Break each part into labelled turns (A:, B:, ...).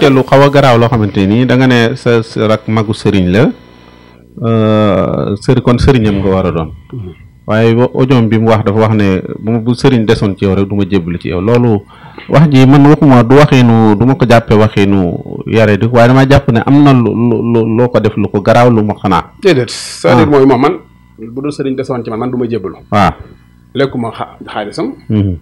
A: côté lu xaw a garaaw loo xamante nii danga ne sa rak magu sëriñ la euh, sëri kon sëriñam nga war a doon waaye ojoom bi mu wax dafa wax ne bu sëriñ desoon ci yow rek du ma jébbalu ci yow loolu wax ji man waxuma du waxinu du ma ko jàppee waxinu yare di waaye damaa jàpp ne am na lu loo ko def lu ko garaaw lu ma xanaa déedéet cest à ah. mooy moom man bu dul sëriñ desoon ci man man du ma jébbalu waaw ah. lekkuma xaalisam mm-hmm.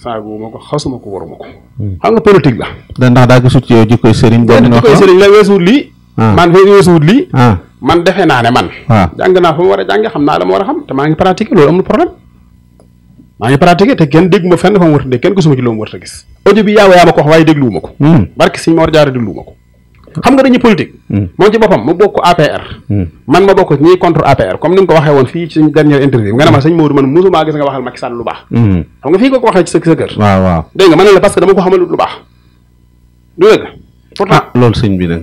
A: saaguma ko xasuma ko waruma ko. Hmm. xam nga politique la. da daa gisut yow jikkoy sëriñ. boobu sëriñ la weesuwut lii. Ah. man fee weesuwut lii. Ah. man defe naa ne man. Ah. jàng naa fa mu war a jànge xam naa la ma war a xam te maa ngi pratiqué loolu amul problème. maa ngi pratiqué te kenn dégg ma fenn fa mu war a dégg kenn gisuma ci loo war a gis. audio bi yaaw yaa ma ko wax waaye dégluwuma ko. Hmm. barke siñ ma war a jaara dégluwuma ko. xam nga dañuy politique. Hmm. moom ci boppam mu bokk APR. Hmm. man ma bokk ñii contre APR comme ni mu ko waxee woon fii ci suñu dernière interview nga ne ma hmm. sëñ Maodo man musuma gis nga waxal Macky lu baax. xam nga fii nga ko waxee ci waaw waaw dégg ma ne la ko lu baax. Ah, bi nag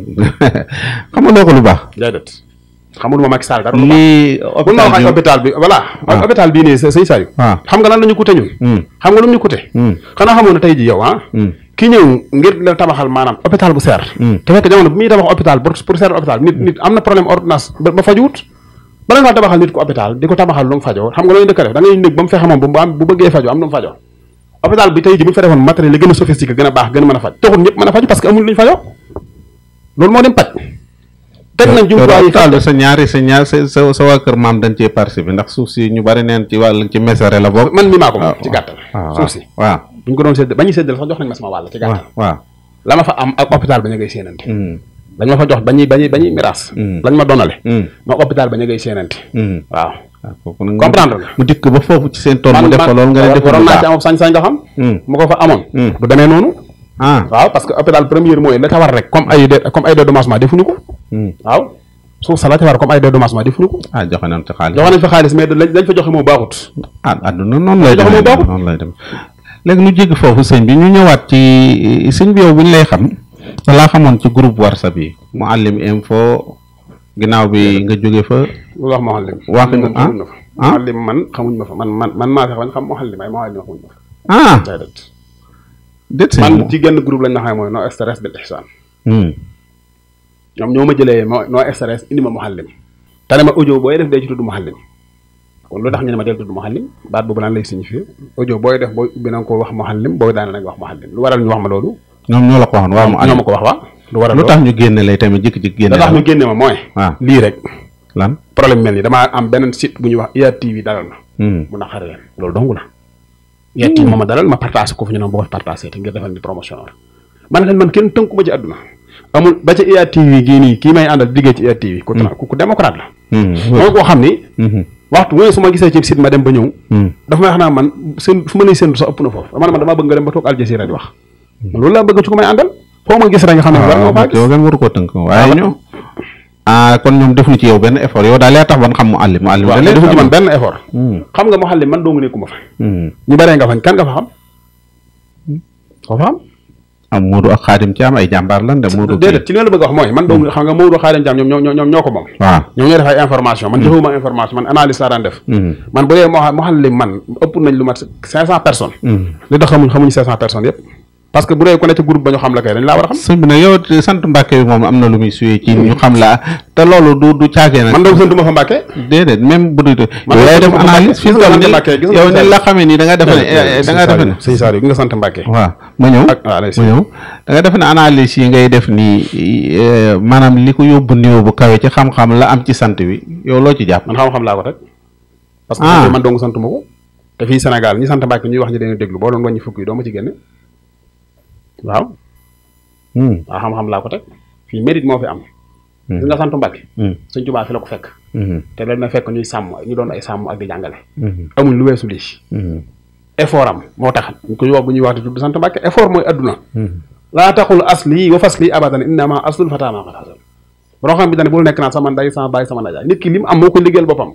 A: xamaloo ko lu baax. déedéet xamuluma Macky ah. ah. xam nga lan la ñu coûté ñun. xam nga lu mu ñu coûté. xanaa xamoon na tey ji yow ah. ki ñëw ngir la tabaxal maanaam hôpital bu seer hmm. te fekk jamono bu muy tabax hôpital pour seer hôpital hmm. nit am na problème ordonnance ba fajuwut bala ngaa tabaxal nit ko hôpital di ko tabaxal lu mu xam nga loolu dëkk def da ngay ba mu fexe moom bu am bëggee fajoo am lu mu hôpital bi tey ji bu ñu fa defoon matériel yi a sophistiqué gën a baax gën a mën a faj taxul ñëpp mën a faju parce que amul lu ñu loolu moo dem paj teg nañ dañ cee participer ndax suuf si ñu bari neen ci wàll ci mesare la bokk man mi maa bu ñu ko doon sédd ba ñu séddale sax jox nañ ma fa am ba ñu ngay séenante dañ mm. ma fa jox bañuy bañuy bañuy miraas mm. lañ ma donale mm. ma hôpital ba ñu ngay waaw ah, comprendre mu dikk ba foofu ci seen tool mu def ko loolu nga leen naa ci am sañ-sañ nga xam mu ko fa amoon du demee noonu ah waaw parce que hôpital première mooy la ca war rek comme ay comme ay dédommagement defuñu ko waaw suuf sa la ca war comme ay dédommagement defuñu ko ah joxe nañ ci xaalis joxe nañ fa xaalis mais lañ fa joxe moo baaxut ah àdduna noonu lay léegi nu jéggi foofu seen bi ñu ñëwaat ci eh, sëñ bi yow bi ñu lay xam dalaa xamoon ci groupe whatsapp yi Mouhalim foo ginnaaw bi nga jóge fa. lu wax Mouhalim. wax nga ah Mouhalim ah? man xamuñ ma fa man man man maa fexe man xam Mouhalim ay Mouhalim xamuñ ma fa. ah man ci genn groupe lañ ma xam mooy no stress bil ihsan. Hmm. ñoom ñoo ma jëlee no stress indi ma Mouhalim. te ne ma audio booy def dee ci tudd Mouhalim. kon lu tax ñu ne ma del tudd muhallim baat boobu lan lay signifié audio booy def booy ubbi na nga wax muhallim booy daane na wax muhallim lu waral ñu wax ma loolu ñoom ñoo la ko waxoon waaw ñoo ma ko wax waa lu waral lu tax ñu génne lay ma ah. am beneen site bu ñuy wax IYAT TV dalal na hmm. mu naqare leen loolu dong la IYAT TV hmm. mooma dalal ma partagé ko fu ñu noonu boo partagé te ngir defal ni promotion or man leen man kenn tënku ma ci àdduna amul ba ci IYAT TV gii nii kii may àndal liggéey ci hmm. koo xam ni waxtu bu su ma gisee ci site ma dem ba ñëw. Hmm. dafa may wax man seen fu ma nee seen sax ëpp na foofu man damaa bëgg nga dem ba toog Al Jazeera wax. Hmm. loolu laa bëgg ci ko may àndal foo ma gis rek nga xam ne. waaw waaw waaw yow kenn waru koo tënk waaye ñoom. ah kon ci yow benn effort yow daal yaa tax ban xam mu àllim. mu àllim daal defuñu ci man benn effort. Hmm. xam nga mu àllim man dong nekkuma fa. ñu baree nga fa kan nga fa xam. koo fa xam. am Moodu ak Xaadim Caam ay jàmbaar lan de Moodu déedéet ci li la bëgg wax mooy man doomu hmm. xam nga Moodu Xaadim Caam ñoom ñoo ko moom waaw ñoom ñoo def information man joxuma hmm. information man analyse laa def hmm. man bu dee moo xam moo xam li man ëpp nañ lu mat cinq cent personnes li tax xamuñ xamuñ cinq cent personnes yëpp parce que bu dee ku ne ci groupe ba ñu xam laa kay dañ laa war a xam. sëñ bi nag yow la te sant ma yow xamee nii da nga defe ne eh, eh, da nga nga sant Mbàkke. waaw ma ñëw ma ñëw da ngay def nii eh, maanaam li ko yóbbu niveau bu kawe ci xam la am ci sant bi yow loo ci jàpp. man xam laa ko rek. parce ah. man dong sant ma ko te fii Sénégal ñi sant Mbàkke ñuy wax ñi dañu déglu boo doon wàññi fukk yi ci génne waaw. Hmm. waaw xam-xam laa ko teg fii mérite moo fi am. Hmm. gis nga sant Mbàkke. Hmm. Sëñ Tuubaa la ko fekk. te loolu na fekk ñuy sàmm ñu doon ay sàmm ak di jàngale. amuñ lu weesu lii. effort am moo tax ñu ko yóbbu ñuy wax di tudd sant Mbàkke effort mooy adduna. laa taxul asli wa fasli abadan innama aslul fataama qad hasal borom xam bi dañ bul nekk naa sama nday sama baay sama nit ki lim am moo ko liggéeyal boppam.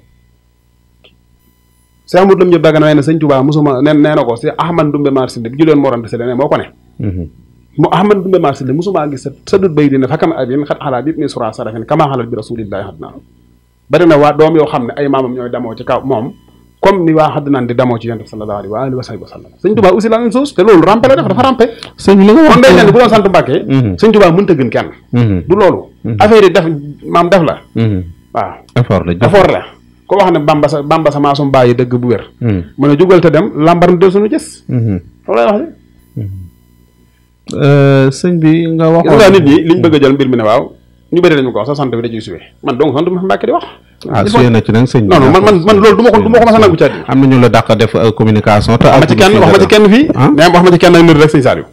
A: Seydou Amadou Lam ñëpp dagg na ne Sëñ Tuubaa mosuma nee na ko si Ahmad Ndumbe Marsin bi ju leen Morante si moo ko ne. mu ahmad dumbe marché li mosumaa gis sa dut bay dina fakkam ab yin xat xalaat yëpp mi sura sarafin kamaa xalaat bi rasulillahi xat naa na waa doom yoo xam wa alihi wa sahbihi wa sallam la même chose te loolu rampe la def dafa rampe sëñ li nga wax kon day mel ni mm-hmm. mm-hmm. loolu mm-hmm. affaire def maam def la waaw effort la ko wax ne bamba sa bamba sa bàyyi dëgg bu wér mu ne jugal dem lambar nu del suñu gës loolu lay wax Euh, sëñ bi nga waxoon nga nit ñi liñ bëgg a jël mbir mi ne waaw ñu bëri nañu ko wax sa sant bi da ciy suwe man donc sant ah, man man loolu du ko ma ko nangu ci àddina. am euh, ma ci kenn fii. Ah? mais wax ma ci kenn ak nit rek sëñ Saliou.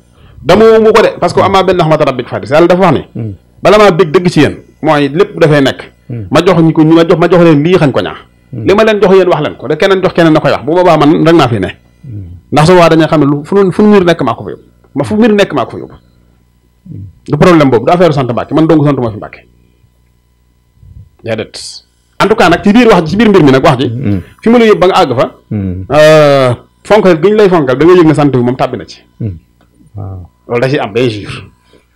A: dama mu ko de parce que hmm. amaa benn xamata rabbi fadis yàlla dafa wax ni. Hmm. bala maa bég dëgg ci yéen mooy lépp dafay nekk. Hmm. ma jox ma jox leen lii xañ ko li ma leen jox yéen wax leen ko de keneen jox keneen na koy wax bu ma fu mbir nekk maa ko fa yóbbu du problème boobu du affaire sant Mbàkke man dong sant ma fi Mbàkke déedéet en tout cas biir wax ji ci biir mi nag wax ji mm-hmm. fi mu la ba nga àgg fa mm-hmm. euh, fonkal gi ñu lay fonkal da nga yëg sant bi moom tàbbi na ci mm-hmm. waaw loolu da am day jur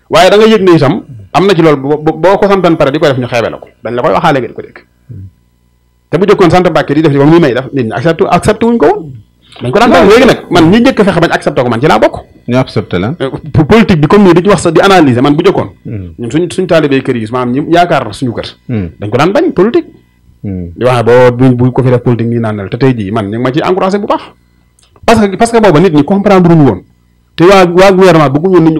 A: waaye da nga yëg ne itam am na ci loolu boo ko santan pare di ko def ñu xeebe la ko dañ la koy waxaale te bu sant Mbàkke di def di moom may def nit ñi accepté accepté wuñ ko woon dañ ko daan def léegi nag man ñi njëkk fexe bañ accepté ko man ci laa bokk. ñu accepté la. Euh, politique bi comme nii dañu wax sax di analyser man bu jëkkoon. Hmm. suñ taalibee kër yi maanaam hmm. hmm. naan la man ñu ma ciy encouragé bu baax. parce que que booba nit ñi comprendre lu ñu woon te waa waa gouvernement bëgguñu woon nit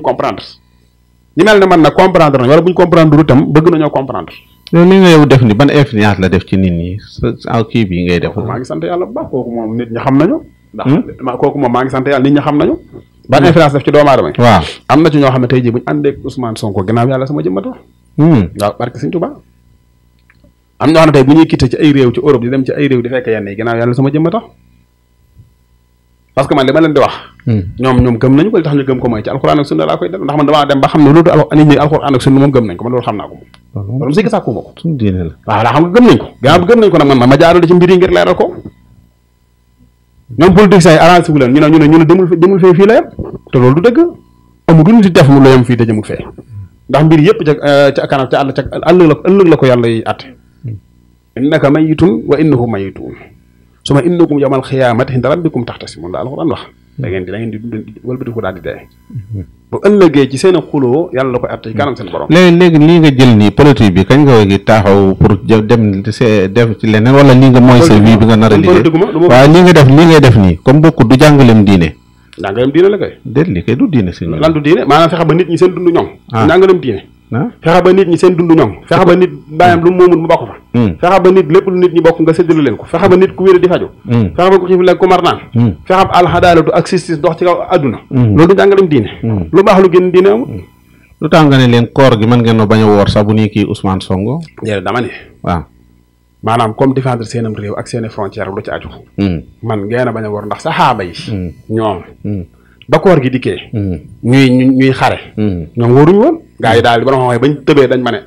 A: ñi ne man nag comprendre nañ wala bu comprendre tam bëgg nañoo comprendre. loolu li nga yow def ni ban influence la def ci nit ñi sa kii bi ngay def. maa ngi sant yàlla bu baax kooku moom nit ñi xam nañu ndax hmm? kooku moom maa ngi sant yàlla nit ñi xam nañu ban hmm. influence def ci doomu aadama waaw am na ci ñoo xam ne tey jii bu ñu àndee Ousmane Sonko gannaaw yàlla sama jëmmata hmm. waaw barke Sëñ Tuubaa am ñoo xam ne tey bu ñuy quitté ci ay réew ci Europe di dem ci ay réew di fekk yenn yi ginnaaw yàlla sama jëmm a tax parce que man li ma leen di wax ñoom ñoom gëm nañu ko li tax ñu gëm ko mooy ci alxuraan ak sunna laa koy def ndax man damaa dem ba xam ne loolu nit ñi alxuraan ak sunna moom gëm nañ ko man loolu xam naa ko moom loolu mu sikk sàkkuma ko waaw laa xam nga gëm nañ ko ginnaaw gëm nañ ko nag man ma jaarale ci mbir yi ngir leeral ko ñoom politiciens yi arrangé wu leen ñu ne ñu ne ñu ne demul demul fee fii la yem te loolu du dëgg amaguñ ci def mu la yem fii te jëmul fee ndax mbir yëpp ca euh, ca kanam ca àll ca àll la ëllëg la ko yàlla yi àtte innaka mayitun wa innahum mayitun suma innakum yawmal xiyaamati inda rabbikum taxtasimun la alxuraan wax dangeen ngeen di da ngeen di wëlbatiku daal di dee. Mhm. bu ëllëgee ci seen xuloo yàlla la ko àtte ci kanam seen borom. léegi léegi lii nga jël nii politique bi kañ nga gi taxaw pour dem see def ci leneen wala lii nga mooy sa bi nga nar a liggéey waaw nga def lii ngay def nii comme bokk du jàngaleem diine. jàngaleem diine la kay. déet li kay du diine si lan du diine maanaam fexe ba nit ñi seen dund ñoom. Ah. jàngaleem diine. Ah? fexe ba nit ñi seen dundu ñoŋ hmm. fexe ba nit bàyyam lu moomul mu bokk fa hmm. fexe ba nit lépp lu nit ñi bokk nga séddale leen ko fexe ba nit ku wér di faju hmm. fexe ba ku xiif lekk ku mar naan fexe ba alxadaalatu ak justice dox ci kaw àdduna loolu du jàngaleem diine lu baax lu génn diine amul lu tax nga ne leen koor gi mën ngeen no bañ a woor sax bu nii kii Ousmane Sonko déedéet dama ne waaw maanaam comme défendre seenam réew ak seeni frontière lu ci aju man ngeen a bañ a woor ndax saxaaba yi ñoom ba koor gi dikkee ñuy ñuy xare ñoom wóoruñu gaa yi daal di borom xam bañ tëbee dañ ma ne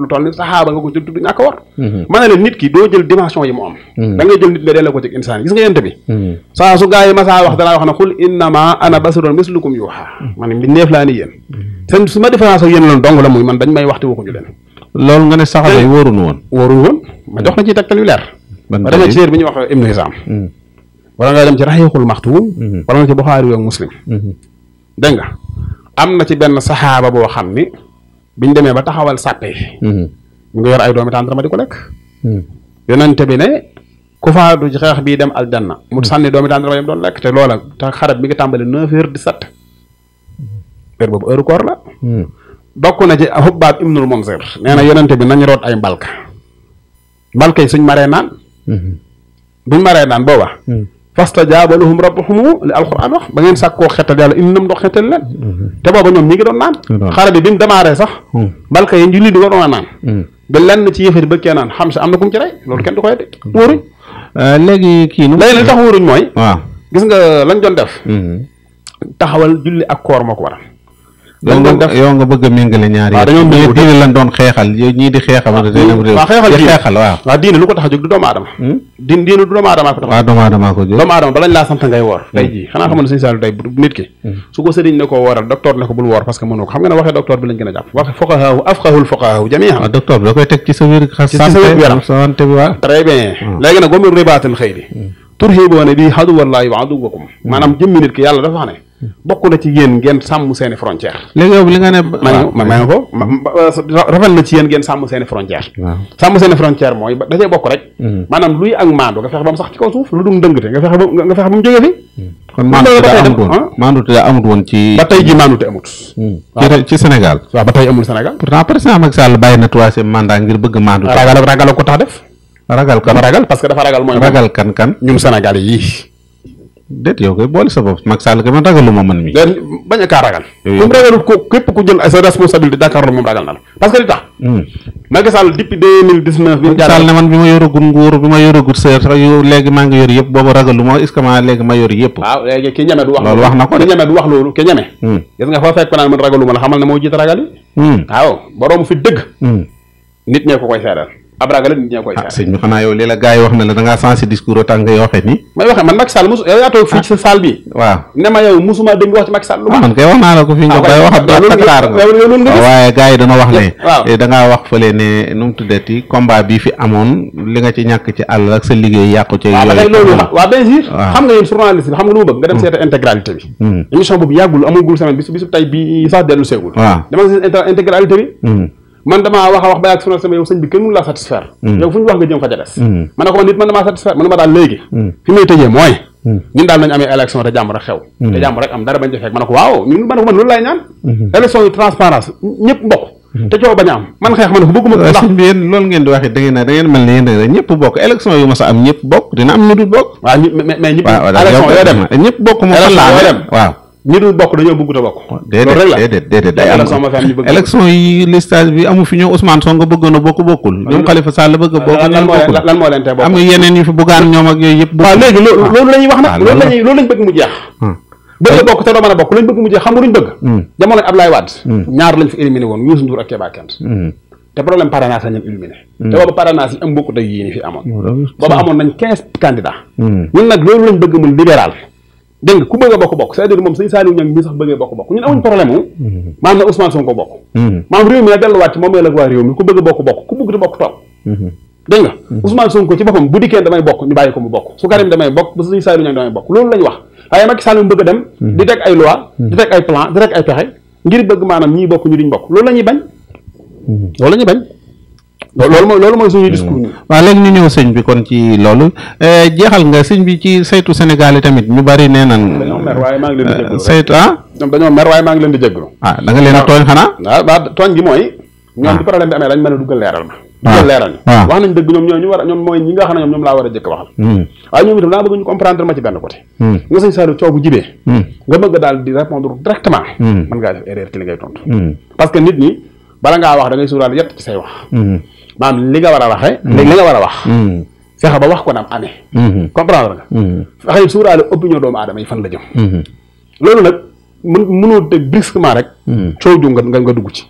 A: lu toll ni saxaaba nga ko ci tudd ñàkk war mhm. ma ne leen nit ki doo jël dimension yi mu am mhm. da ngay jël nit nga delloo ko ci insaan gis nga yente bi mhm. saa su gaa yi masaa wax danaa wax ne xul innama ana basarun mislukum yuuxa man bi neef laa ni yéen su ma différence ak yéen loolu la muy man dañ may waxte waxuñu leen loolu nga ne saxaaba yi wóorun woon wóorun woon ma jox na ci séer bi ñuy wax am na ci benn saxaaba boo xam ni biñ demee ba taxawal sàppe mm-hmm. mu yor ay doomi tàndarma di ko lekk mm-hmm. yonente bi ne ku faatu ci xeex bii dem aljanna mu mm-hmm. sànni doomi tàndarma yam doon lekk te loola te xarab bi ngi tàmbali neuf heures di sept heure boobu heure koor la bokk na ci Hubbaab ibnul Munzir nee na yonente bi nañ root ay mbalka mbalka yi suñ maree naan buñ maree naan booba fastajaaba lahum rabbuhum li alquran wax ba ngeen sàkkoo xetal yàlla indi nam ndox xetal leen te booba ñoom ñi ngi doon naan xare bi bi mu démarré sax malka hmm. yi julli di ko doon naan hmm. ba lenn ci yëfati bëkkee naan xam sa am na ku ci rey loolu kenn du koy de hmm. euh, léegi kii nu mooy waaw gis nga lañ doon def taxawal julli ak koor moo waral loolu lañ def yow nga bëgg a méngale ñaar yi. dañoo méngale diine lan doon xeexal yow ñii di xeexal. waaw xeexal diine xeexal waaw. waaw diine lu ko tax a jóg du doomu aadama. Hmm? diine diine du doomu aadama ko tax a jóg. waaw doomu aadama ko jóg doomu aadama balañ laa sant ngay woor. Hmm. tey jii xanaa xamal ne suñu saalu tey nit ki. Hmm. su ko sëriñ ne ko wooral docteur ne ko bul woor parce que mënoo ko xam nga ne waxee docteur bi lañ gën a jàpp. waxe foqahaahu afqahul foqahaahu jamiian. waaw docteur bi da koy teg ci sa wér. ci sa wér santé bi waaw. très bien léegi nag gomi ribaatil xëy li turhibuuna bi aduwwallaahi wa aduwwakum maanaam jëmmi nit ki yàlla dafa wax ne bokk na ci yéen ngeen sàmm seeni frontière léegi yow li nga ne. ma ma ko euh, rafet na ci yéen ngeen sàmm seeni frontière sàmm seeni frontière mooy ba dajee bokk rek. Mm-hmm. maanaam luy ak maandu nga fexe ba mu sax ci kaw suuf lu dum dëngate nga fexe ba nga fexe ba mu jógee fi. Mm. kon maandu daa amut woon ah. maandu daa amut woon ci. ba tey ji maandu te amut. Mm. ci Sénégal. waaw ba tey amul Sénégal. pourtant président Macky Sall bàyyi na troisième mandat ngir bëgg maandu. ragal ragal ko tax def. ragal kan ragal parce que dafa ragal mooy. ragal kan kan ñum Sénégal yi de yow kay boole sa bopp Macky Sall man ragaluma man mi bañ a kaa ragal. moom ku jël sa responsabilité jàkkaarloo moom ragal na la parce que li tax. Hmm. mu jaar ne man bi maa ngi yor yëpp booba ragaluma est ce que maa na ko de ki ñeme du wax loolu ki ñeme. Hmm. la xamal ne moo jiite ragal yi. Hmm. waaw fi dëgg. nit ñee ko koy seeral. ab ragal nit ñaa koy jaay. ah sëñ bi xanaa yow lii la gars yi wax ah. ne ah, la da ngaa discours autant nga nga eh, li nga ci ak sa liggéey yàqu ci. yooyu waaw ba loolu waaw bien sûr. xam nga yéen ma bëgg hmm. intégralité bi. Hmm. émission boobu yàggul amul gul semaine bi su bisu bi sax dellu seegul. waaw demal seen intégralité bi hmm. man damaa wax a wax ba yàgg sonal sama bi kenn mënu laa satisfaire hmm. yow fu ñu wax nga jëm fa des hmm. ma ne ko man nit man damaa satisfaire man ma daal léegi hmm. fi may tëjee mooy ñun daal nañu ko waaw ñun ma laay ñaan élection yu transparence ñëpp mbokk te coow bañ a am man xeex ma ne ko bëgguma ko ndax bi yéen loolu ngeen di waxee da ngeen da ngeen mel ne yéen da ñëpp bokk élection yu ma sa am ñëpp bokk dina am ñu dul bokk waaw mais ñëpp élection yoo dem ñëpp ñi dul bokk dañoo bëggut bokk. déedéet déedéet déedéet day am élection bi amu fi ñoom Ousmane Sonko bëggoon a bokk bokkul. ñoom Khalifa Sall bëgg a bokk lan bokkul lan moo leen tee bokk am bëgg mu jeex. Hmm. bëgg a bokk te doo mën a bokk lañ bëgg mu jeex xam nga luñ bëgg. Hmm. jamono Abdoulaye Wade. Hmm. ñaar lañ fi éliminé woon Youssou Ndour ak Keba Kent. te problème parrainage la ñu éliminé. te booba parrainage yi am bokkut ak yii ni fi amoon. booba amoon nañ quinze candidats. ñun nag loolu lañ bëgg mu libéral dégg nga ku bëgg bokk bokk c'est-à-dire moom sëñ Saliou Niang mi sax bëggee bokk bokk ñun amuñ problème wu mhm. maam na Ousmane Sonko bokk mhm. maam réew mi nag delluwaat ci moom la waa réew mi ku bëgg a bokk bokk ku bëgg a bokk toog mhm. dégg nga Ousmane Sonko ci bu dikkee damay bokk damay bokk loolu lañ a dem ngir bëgg maanaam ñii bokk ñu bokk loolu la ñuy bañ loolu la ñuy bañ loolu mooy loolu mooy suñu discours hmm. nii. waaw léegi ñu ñëw sëñ bi kon ci loolu eh, jeexal nga sëñ bi ci saytu Sénégal yi tamit ñu bari nee nan dañoo mer waaye maa ngi leen di eh, jégalu ah. ñoom dañoo mer waaye maa ngi leen di jégalu. ah da nga leen a tooñ xanaa. waaw ah, waaw tooñ gi mooy. ñoom ah. bi problème bi amee lañ mën a duggal leeral ma. waaw ah. leeral ñu wax nañ dëgg ñoom ñoo ñu war a ñoom mooy ñoom ñoom laa war a jëkk waxal hmm. waaye ñoom itam daa bëgg ñu comprendre ma ci benn côté hmm. nga sëñ Saliou coow jibee nga bëgg daal di répondre directement mën que nit ñi bala ngaa wax da ngay suuraal yett ci maanaam li nga war a waxee. li nga war a wax. Mm-hmm. Mm-hmm. fexe ba wax ko nam amee. Mm-hmm. comprendre nga. fexe it suuraale opinion doomu aadama yi fan la jëm. loolu nag mën mënoo teg brusquement rek. coow ju nga nga dugg ci.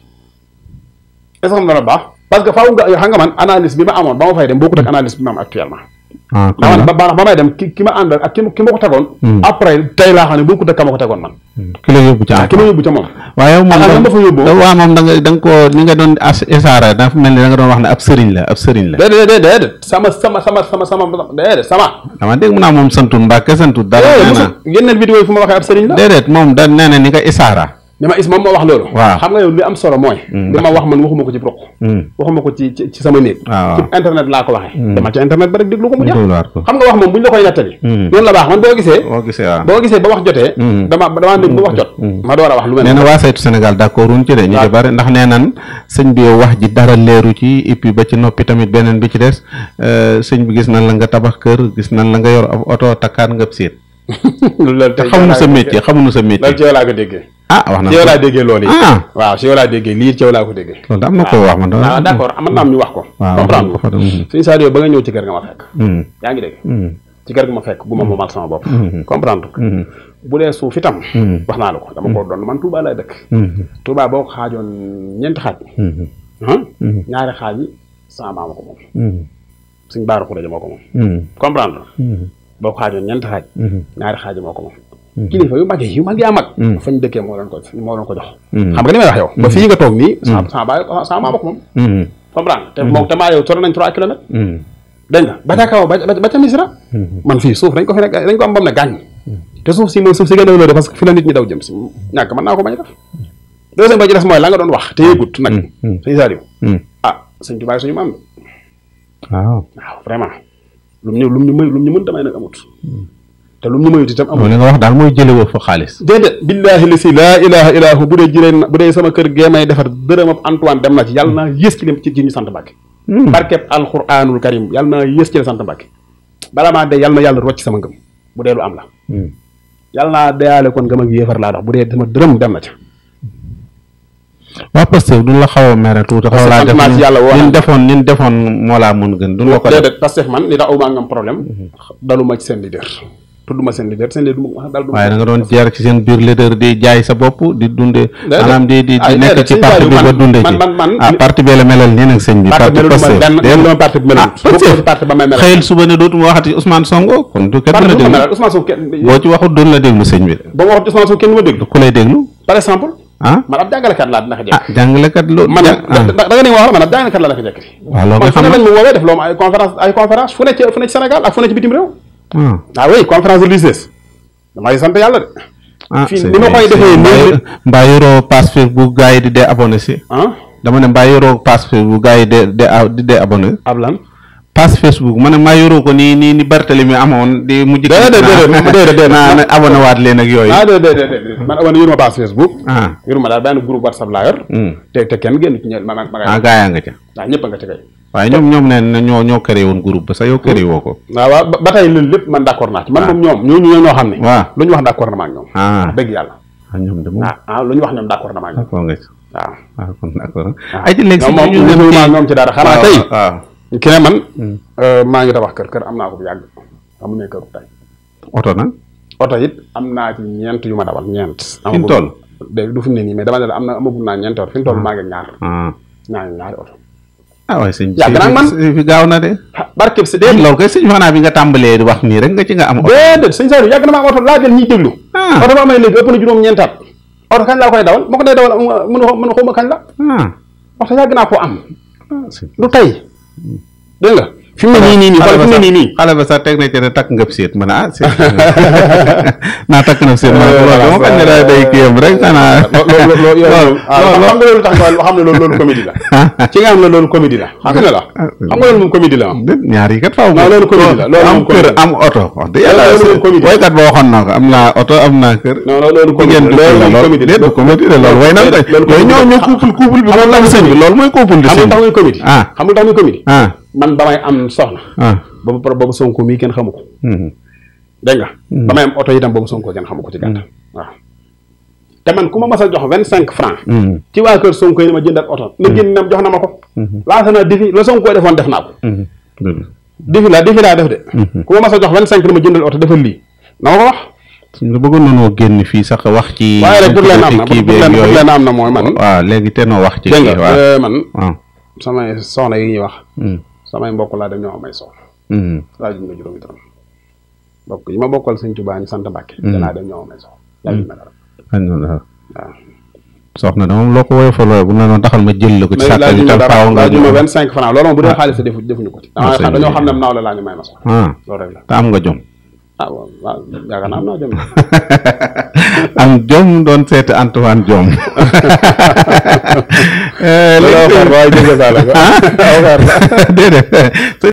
A: est-ce que xam nga baax parce que faaw nga xam nga man analyse bi ma amoon ba ma fay dem bokkut ak analyse bi ma am actuellement. ah maanaam ah, ba may dem ki ki ma ànd ak ki ma ki ma ko tegoon. Hmm. après tey laa xam ne bokkut ak ka ma ko tegoon man. Hmm. ki la yóbbu ca ah, ki ma yóbbu ca moom. waaye moom ah, da fa yóbbu waaw moom da nga da nga koo ni nga doon as isaara dafa mel ni da nga doon wax ne ab sëriñ la ab sëriñ la. déedéet déedéet sama sama sama sama sama déedéet sama. dama dégg mu naa moom santu Mbàkke santu dara nee na génneel vidéo yi fu ma waxee ab sëriñ la. déedéet moom da nee na ni nga isaara. ne ma is moom moo wax loolu. waaw xam nga yow li am solo mooy. Mm. li ma wax man waxuma ko ci proq. Mm. waxuma ko ci ci sama néeg. Ah, ci internet laa ko waxee. Mm. dama ci internet ba rek déglu xam nga wax moom bu ñu la koy nettali. noonu la baax man boo gisee. boo ba wax jotee. dama damaa nekk ba wax jot. ma door a wax lu mel ne waa saytu Sénégal d' accord wuñ ci de. ñu ci bari ndax nee nan sëñ bi wax ji dara leeru ci et ba ci noppi tamit beneen bi ci des euh, sëñ bi gis nan la nga tabax kër gis nan la nga yor ab oto takkaat nga séet. loolu la te xamuñu sa métier xamuñu sa métier la ci yow ah wax ci yow laa déggee lool yi. Ah. waaw ci yow laa déggee lii ci yow laa ko déggee.
B: loolu am na koo wax man dama. Ah, d' accord am
A: ñu wax ko. comprendre ko mm-hmm. suñu yooyu ba nga ñëw ci kër ga ma fekk. Mm-hmm. yaa ngi dégg. Mm-hmm. ci kër ga ma fekk gu ma moomal sama bopp. comprendre bu dee suuf itam. wax naa la ko dama koo doon man Touba laa dëkk. Touba boo ko xaajoon ñeenti xaaj. Ah? ñaari xaaj yi sama maama ko moom. suñ baaru ko moo ko moom. comprendre boo ko xaajoon ñeenti xaaj. ñaari xaaj moo ko moom. Mm-hmm. kilifa yu mag yi yu mag yaa mag. Mm-hmm. fañ dëkkee moo doon ko moo doon ko jox. Mm-hmm. xam nga ni wax yow. ba fii nga toog nii. sans sans maa bokk moom. comprendre te moom damaa yow sori ba ca kaw fii suuf dañ ko fi nekk dañ ko am bam te si mooy suuf si gën parce que fi la nit ñi ba ci des mooy la nga doon wax te yëgut nag. sëñ Saliou. ah sëñ Tuubaa suñu maam. waaw waaw vraiment. lu mu ñu lu mu ñu mën lu ñu mën nag amut te lu mu ñu mayut itam amul li nga wax daal mooy jële woo fa xaalis déedéet billaahi li si laa ilaha ilaahu bu dee jireen bu dee sama kër gee defar dërëm ab Antoine dem na ci yàlla naa yées ci lim ci ñu sant Mbàkke hmm. barkeb alquranul karim yàlla naa yées ci la sant Mbàkke bala maa dee yàlla na yàlla rocc sama ngëm bu dee lu am la hmm. yàlla naa deyaale kon ngëm ak yéefar laa dox bu dee sama dërëm dem na ca waaw Pastef duñ la xaw a mere tuuti xaw laa def ñun defoon ñun defoon moo laa mën gën duñ la ko def man li tax awuma ngam problème hmm. daluma ci seen leader tudduma seen leader seen leader daal du waaye da nga doon jaar ci seen biir leader di jaay sa bopp di dundee maanaam di di ah, nekk ci parti bi ba dundee ci ah parti bi la melal nii nag sëñ ah, kon du kenn du la déglu Ousmane Sonko boo du ma déglu ku lay déglu par exemple ah man ab jàngalekat laa dina ko jekk ah jàngalekat loolu ah. nga xam ne woowee def loo ay conférence fu ne ci Sénégal ak fu ne ci bitim réew ah oui conférence de lycées damay sant yàlla de. ah fii ni pass Facebook gars yi di dee abonné si. Ah? dama ne mbaa yoroo pass Facebook gars yi di dee di dee abonné. ab lan. page Facebook ma ne maa yoroo ko nii nii ni Barthélemy amoon di mujj. déedéet déedéet naa na abonné waat leen ak yooyu. ah déedéet déedéet man abonné yoruma page Facebook. Ah. yoruma daal a ba sax yow créé ah, ba tey loolu lépp man d' naa ci. man ah. moom ñoom ñooñu ñoom. ñoom ñoom ñoom. ci waaw. waaw kon tey ki ne man. Hmm. Euh, maa ngi tabax kër kër am naa ko bu yàgg amu ne këru tay oto na oto it am naa ci ñeent ma dawal ñeent. fi mu toll du fi mu ne nii mais dama ne la na amagum naa ñeenti oto fi naa hmm. ngi hmm. ñaari oto. ah waay sëñ yàgg na de. barkeb si déedéet loolu kay sëñ Fana bi nga wax nii rek nga ci nga am. oto déedéet sëñ na ma am oto laajal ñiy déglu. Ah. oto ba amee léegi ëpp na juróom-ñeentaat. oto kañ laa koy dawal ma ko day dawal mënu xaw ma kañ la. Ah. oto yàgg naa koo am. Ah, du tey dégg nga fi mu ne nii nii xool fi mu ne nii nii. xale ba sax teg na ci ne takk nga seet ma ne ah seet naa takk na seet ma ne loolu moom xam ne daal day kiyam rek xanaa. loolu loolu loolu xam nga loolu tax nga xam ne loolu loolu comédie la. Ah. ci nga xam ne loolu comédie la. xam nga la ah, xam nga loolu moom comédie la am. ñaar yi kat faaw ma loolu comédie la loolu am kër am oto wax oh, dëgg yàlla woykat ba waxoon naa ko am naa oto am naa kër. non loolu comédie la loolu comédie la loolu comédie la loolu way na tey. loolu ñoo ñoo couple couple bi loolu la sëñ bi loolu mooy couple de sëñ bi. Ah. xam nga tax muy comédie. xam nga tax muy comédie. man ba may am soxna. Ah. ba mu boobu Sonko mii kenn xamu ko. Mm-hmm. dégg nga. Mm-hmm. ba may am oto itam boobu Sonko kenn xamu ko ci gàttal mm-hmm. waaw. te man ku ma mas a jox vingt cinq franc. ci waa kër Sonko yi ma jënd oto. na génn nam na ma ko. laata naa difi la defoon def naa ko. difi laa difi def de. ku ma a jox vingt cinq ma jëndal oto defal lii na ma ko wax. nga bëggoon nañoo génn fii sax wax ci. waaye rek leen am na pour leen am na mooy man. waaw léegi te noo wax ci. dégg nga euh, man. Ah. samay soxna yi ñuy wax. Mm. samay mbokk laa dem ñoo am ay soxla. laajut ma yi ma bokkal sëñ Tuubaa ni sant Mbàkke. Mm-hmm. danaa dem ñoo am ay soxla. laajut ma dara. alhamdulilah waaw. soxna da moom loo ko woyofalee bu ñu la taxal ma jël la ko. ci sàkkal bi faaw nga laajuma vingt cinq franc loolu moom bu dee ah. xaalis defuñu ko ci. Ah, dañoo xam ne naaw la laa ñu may ma soxla. Ah. loolu am nga jom. Ah, am jom doon seeti Antoine Diome. Eh, loolu aw xaar waaye jërëjëf la. ah aw xaar la